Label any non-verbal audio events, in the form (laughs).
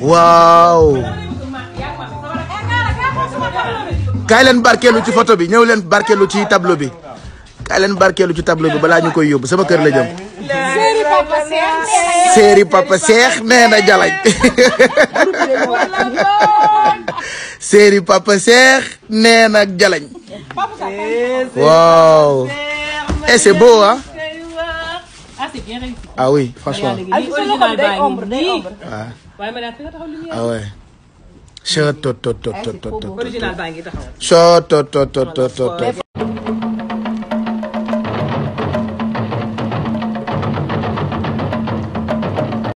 waaw. kaay barkeelu ci photo bi ñëw leen barkeelu ci tablo bi kaay leen barkeelu ci tablo bi balaa ñu koy yóbbu sama kër la jëm. Séeri Papa Seex. Séeri Papa Seex nee na Jalañ. (laughs) Séeri Papa Seex nee Jalañ. waaw. et eh, c'est beau Ah oui, franchement. ah, er ah ouais.